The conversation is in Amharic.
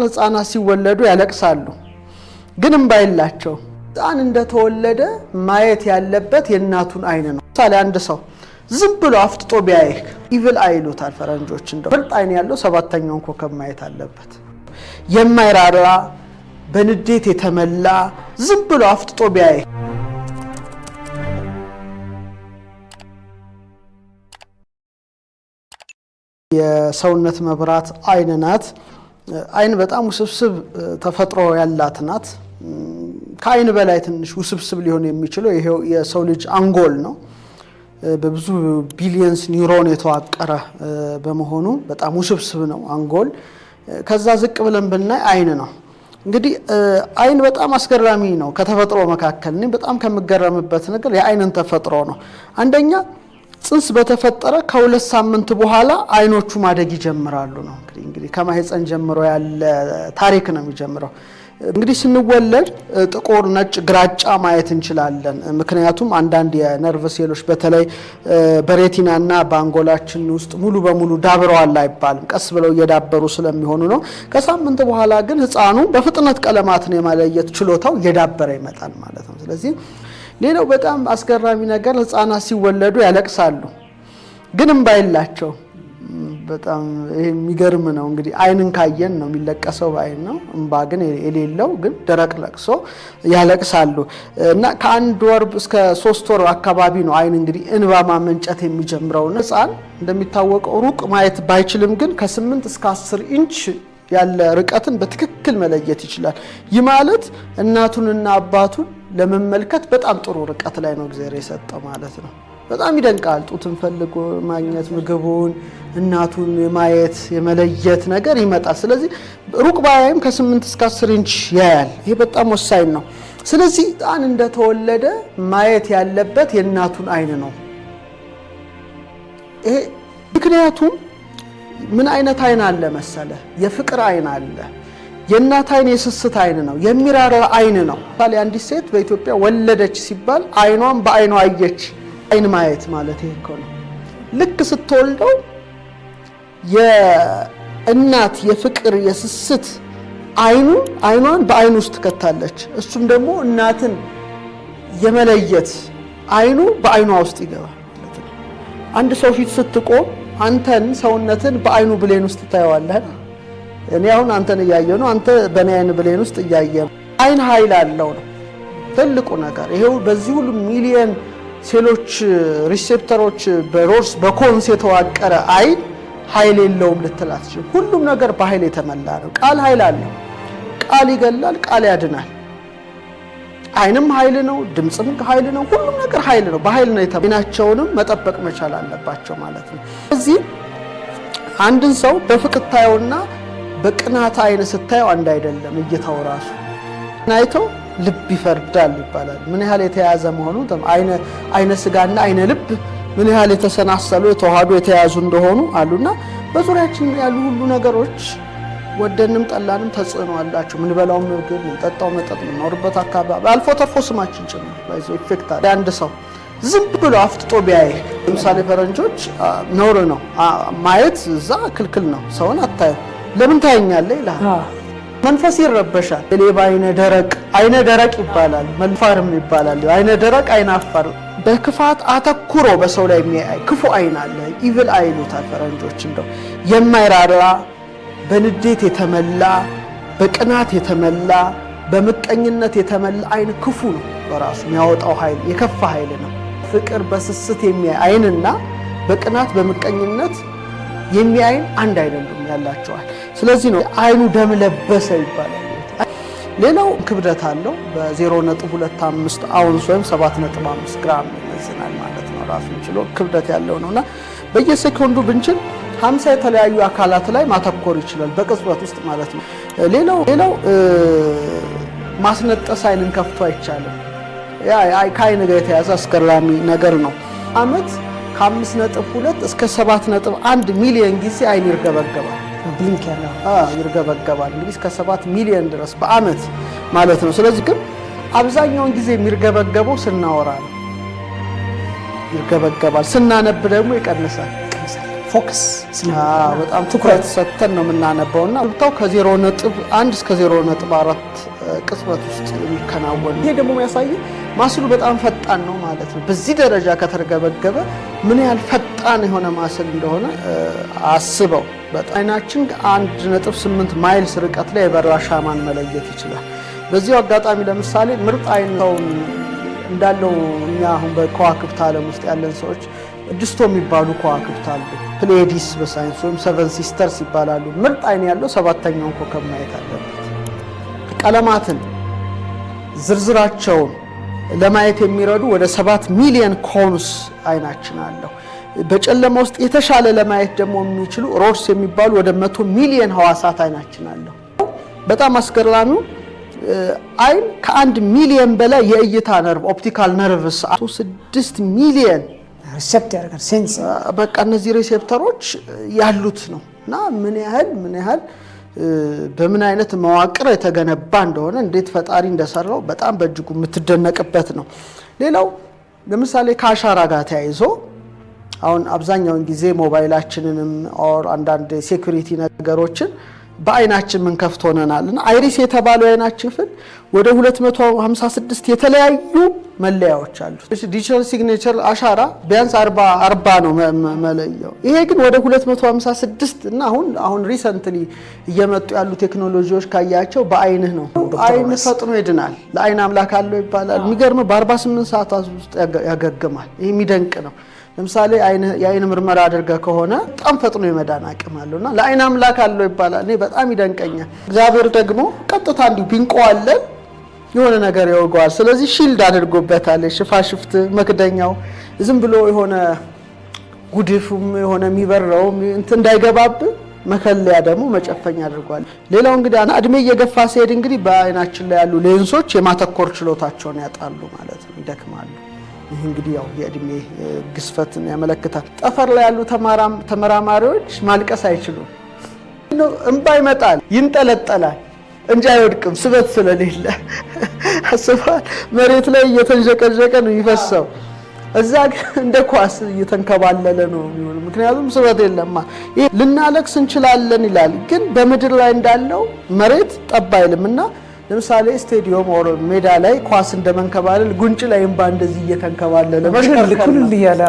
ህፃናት ሲወለዱ ያለቅሳሉ፣ ግን እምባ የላቸው። ህፃን እንደተወለደ ማየት ያለበት የእናቱን አይን ነው። ምሳሌ አንድ ሰው ዝም ብሎ አፍጥጦ ቢያይህ ኢቭል አይሉታል ፈረንጆች። እንደው ፍልጥ አይን ያለው ሰባተኛውን ኮከብ ማየት አለበት። የማይራራ በንዴት የተመላ ዝም ብሎ አፍጥጦ ቢያይህ የሰውነት መብራት አይን ናት። አይን በጣም ውስብስብ ተፈጥሮ ያላት ናት። ከአይን በላይ ትንሽ ውስብስብ ሊሆን የሚችለው ይሄው የሰው ልጅ አንጎል ነው። በብዙ ቢሊየንስ ኒውሮን የተዋቀረ በመሆኑ በጣም ውስብስብ ነው አንጎል። ከዛ ዝቅ ብለን ብናይ አይን ነው። እንግዲህ አይን በጣም አስገራሚ ነው ከተፈጥሮ መካከል። እኔ በጣም ከምገረምበት ነገር የአይንን ተፈጥሮ ነው አንደኛ ጽንስ በተፈጠረ ከሁለት ሳምንት በኋላ አይኖቹ ማደግ ይጀምራሉ ነው እንግዲህ እንግዲህ ከማህፀን ጀምሮ ያለ ታሪክ ነው የሚጀምረው። እንግዲህ ስንወለድ ጥቁር፣ ነጭ፣ ግራጫ ማየት እንችላለን። ምክንያቱም አንዳንድ የነርቭ ሴሎች በተለይ በሬቲናና በአንጎላችን ውስጥ ሙሉ በሙሉ ዳብረዋል አይባልም፣ ቀስ ብለው እየዳበሩ ስለሚሆኑ ነው። ከሳምንት በኋላ ግን ህፃኑ በፍጥነት ቀለማትን የማለየት ችሎታው እየዳበረ ይመጣል ማለት ነው። ስለዚህ ሌላው በጣም አስገራሚ ነገር ህፃናት ሲወለዱ ያለቅሳሉ፣ ግን እምባ በጣም ይሄ የሚገርም ነው። እንግዲህ አይንን ካየን ነው የሚለቀሰው፣ በአይን ነው። እምባ ግን የሌለው ግን ደረቅ ለቅሶ ያለቅሳሉ እና ከአንድ ወር እስከ ሶስት ወር አካባቢ ነው አይን እንግዲህ እንባ ማመንጨት የሚጀምረው። ህፃን እንደሚታወቀው ሩቅ ማየት ባይችልም ግን ከስምንት እስከ አስር ኢንች ያለ ርቀትን በትክክል መለየት ይችላል። ይህ ማለት እናቱንና አባቱን ለመመልከት በጣም ጥሩ ርቀት ላይ ነው እግዚአብሔር የሰጠው ማለት ነው። በጣም ይደንቃል። ጡትን ፈልጎ ማግኘት ምግቡን፣ እናቱን የማየት የመለየት ነገር ይመጣል። ስለዚህ ሩቅ ባያይም ከስምንት እስከ አስር ኢንች ያያል። ይሄ በጣም ወሳኝ ነው። ስለዚህ ጣን እንደተወለደ ማየት ያለበት የእናቱን አይን ነው። ይሄ ምክንያቱም ምን አይነት አይን አለ መሰለ? የፍቅር አይን አለ የእናት አይን የስስት አይን ነው፣ የሚራራ አይን ነው። ምሳሌ አንዲት ሴት በኢትዮጵያ ወለደች ሲባል አይኗን በአይኗ አየች። አይን ማየት ማለት ይሄ እኮ ነው። ልክ ስትወልደው የእናት የፍቅር የስስት አይኑ አይኗን በአይኑ ውስጥ ትከታለች። እሱም ደግሞ እናትን የመለየት አይኑ በአይኗ ውስጥ ይገባል። አንድ ሰው ፊት ስትቆም አንተን ሰውነትን በአይኑ ብሌን ውስጥ ታየዋለህ። እኔ አሁን አንተን እያየሁ ነው፣ አንተ በእኔ አይን ብሌን ውስጥ እያየህ ነው። አይን ኃይል አለው ነው ትልቁ ነገር። ይሄው በዚህ ሁሉ ሚሊየን ሴሎች ሪሴፕተሮች በሮርስ በኮንስ የተዋቀረ አይን ኃይል የለውም ልትላችሁ። ሁሉም ነገር በኃይል የተመላ ነው። ቃል ኃይል አለው። ቃል ይገላል፣ ቃል ያድናል። አይንም ኃይል ነው፣ ድምፅም ኃይል ነው፣ ሁሉም ነገር ኃይል ነው። በኃይል ነው የተመላ። መጠበቅ መቻል አለባቸው ማለት ነው። እዚህ አንድን ሰው በፍቅር ታየውና በቅናት አይን ስታየው አንድ አይደለም እይታው ራሱ አይቶ ልብ ይፈርዳል ይባላል። ምን ያህል የተያዘ መሆኑ አይነ ስጋና አይነ ልብ ምን ያህል የተሰናሰሉ የተዋህዶ የተያዙ እንደሆኑ አሉና በዙሪያችን ያሉ ሁሉ ነገሮች ወደንም ጠላንም ተጽዕኖ አላቸው። ምንበላው ምግብ፣ ምንጠጣው መጠጥ፣ ምንኖርበት አካባቢ አልፎ ተርፎ ስማችን ጭምር ኢፌክት አለ። አንድ ሰው ዝም ብሎ አፍጥጦ ቢያይ ለምሳሌ ፈረንጆች ነውር ነው ማየት፣ እዛ ክልክል ነው። ሰውን አታየው ለምን ታየኛለህ ይልሃል። መንፈስ ይረበሻል። የሌባ አይነ ደረቅ አይነ ደረቅ ይባላል፣ መልፋርም ይባላል። አይነ ደረቅ አይነ አፋር በክፋት አተኩሮ በሰው ላይ የሚያይ ክፉ አይን አለ። ኢቪል አይ ይሉታል ፈረንጆች። እንደው የማይራራ በንዴት የተመላ በቅናት የተመላ በምቀኝነት የተመላ አይን ክፉ ነው። በራሱ የሚያወጣው ኃይል የከፋ ኃይል ነው። ፍቅር በስስት የሚያይ አይንና በቅናት በምቀኝነት የሚያይን አንድ አይነ ያላቸዋል። ስለዚህ ነው አይኑ ደም ለበሰ ይባላል። ሌላው ክብደት አለው። በ0.25 አውንስ ወይም 7.5 ግራም ይመዝናል ማለት ነው። ራሱን ችሎ ክብደት ያለው እና በየሴኮንዱ ብንችል 50 የተለያዩ አካላት ላይ ማተኮር ይችላል፣ በቅጽበት ውስጥ ማለት ነው። ሌላው ሌላው ማስነጠስ አይንን ከፍቶ አይቻልም። ያ ከአይን ጋር የተያዘ አስገራሚ ነገር ነው። አመት ከአምስት ነጥብ ሁለት እስከ ሰባት ነጥብ አንድ ሚሊዮን ጊዜ አይን ይርገበገባል ይርገበገባል። እንግዲህ እስከ ሰባት ሚሊዮን ድረስ በአመት ማለት ነው። ስለዚህ ግን አብዛኛውን ጊዜ የሚርገበገበው ስናወራ ነው። ይርገበገባል። ስናነብ ደግሞ ይቀንሳል። ፎከስ በጣም ትኩረት ሰጥተን ነው የምናነበው እና ብታው ከዜሮ ነጥብ እስከ ዜሮ ቅጽበት ውስጥ የሚከናወን ይሄ ደግሞ የሚያሳይ ማስሉ በጣም ፈጣን ነው ማለት ነው። በዚህ ደረጃ ከተርገበገበ ምን ያህል ፈጣን የሆነ ማስል እንደሆነ አስበው። በጣይናችን አንድ ነጥብ ስምንት ማይልስ ርቀት ላይ የበራ ሻማን መለየት ይችላል። በዚሁ አጋጣሚ ለምሳሌ ምርጥ አይን ሰው እንዳለው እኛ አሁን በከዋክብት ዓለም ውስጥ ያለን ሰዎች ድስቶ የሚባሉ ከዋክብት አሉ። ፕሌዲስ በሳይንስ ወይም ሰቨን ሲስተርስ ይባላሉ። ምርጥ አይን ያለው ሰባተኛውን ኮከብ ማየት አለበት። ቀለማትን ዝርዝራቸውን ለማየት የሚረዱ ወደ ሰባት ሚሊዮን ኮንስ አይናችን አለው። በጨለማ ውስጥ የተሻለ ለማየት ደግሞ የሚችሉ ሮድስ የሚባሉ ወደ መቶ ሚሊዮን ህዋሳት አይናችን አለው። በጣም አስገራሚው አይን ከአንድ ሚሊዮን በላይ የእይታ ነርቭ ኦፕቲካል ነርቭስ ስድስት ሚሊዮን ሪሴፕተር በቃ እነዚህ ሪሴፕተሮች ያሉት ነው እና ምን ያህል ምን ያህል በምን አይነት መዋቅር የተገነባ እንደሆነ እንዴት ፈጣሪ እንደሰራው በጣም በእጅጉ የምትደነቅበት ነው። ሌላው ለምሳሌ ከአሻራ ጋር ተያይዞ አሁን አብዛኛውን ጊዜ ሞባይላችንንም ኦር አንዳንድ ሴኩሪቲ ነገሮችን በአይናችን ምን ከፍት ሆነናል እና አይሪስ የተባለው የአይናችን ክፍል ወደ 256 የተለያዩ መለያዎች አሉት። ዲጂታል ሲግኔቸር አሻራ ቢያንስ 40 ነው መለያው። ይሄ ግን ወደ 256 እና አሁን አሁን ሪሰንትሊ እየመጡ ያሉ ቴክኖሎጂዎች ካያቸው በአይንህ ነው። አይን ፈጥኖ ይድናል፣ ለአይን አምላክ አለው ይባላል። የሚገርመው በ48 ሰዓታት ውስጥ ያገግማል። ይሄ የሚደንቅ ነው። ለምሳሌ የአይን ምርመራ አድርገ ከሆነ በጣም ፈጥኖ የመዳን አቅም አለውና ለአይን አምላክ አለው ይባላል። እኔ በጣም ይደንቀኛል። እግዚአብሔር ደግሞ ቀጥታ እንዲሁ ቢንቀዋለን የሆነ ነገር ያውገዋል። ስለዚህ ሺልድ አድርጎበታል። ሽፋሽፍት መክደኛው ዝም ብሎ የሆነ ጉድፍም የሆነ የሚበረው እንዳይገባብ መከለያ ደግሞ መጨፈኛ አድርጓል። ሌላው እንግዲህ እድሜ እየገፋ ሲሄድ እንግዲህ በአይናችን ላይ ያሉ ሌንሶች የማተኮር ችሎታቸውን ያጣሉ ማለት ነው፣ ይደክማሉ። ይህ እንግዲህ ያው የእድሜ ግዝፈትን ያመለክታል። ጠፈር ላይ ያሉ ተመራማሪዎች ማልቀስ አይችሉም። እንባ ይመጣል፣ ይንጠለጠላል እንጂ አይወድቅም፣ ስበት ስለሌለ አስባል። መሬት ላይ እየተንዠቀዠቀ ነው ይፈሰው፣ እዛ ግን እንደ ኳስ እየተንከባለለ ነው የሚሆኑ፣ ምክንያቱም ስበት የለማ። ይህ ልናለቅስ እንችላለን ይላል፣ ግን በምድር ላይ እንዳለው መሬት ጠብ አይልም እና ለምሳሌ ስቴዲየም ኦር ሜዳ ላይ ኳስ እንደመንከባለል ጉንጭ ላይም ባ እንደዚህ እየተንከባለለ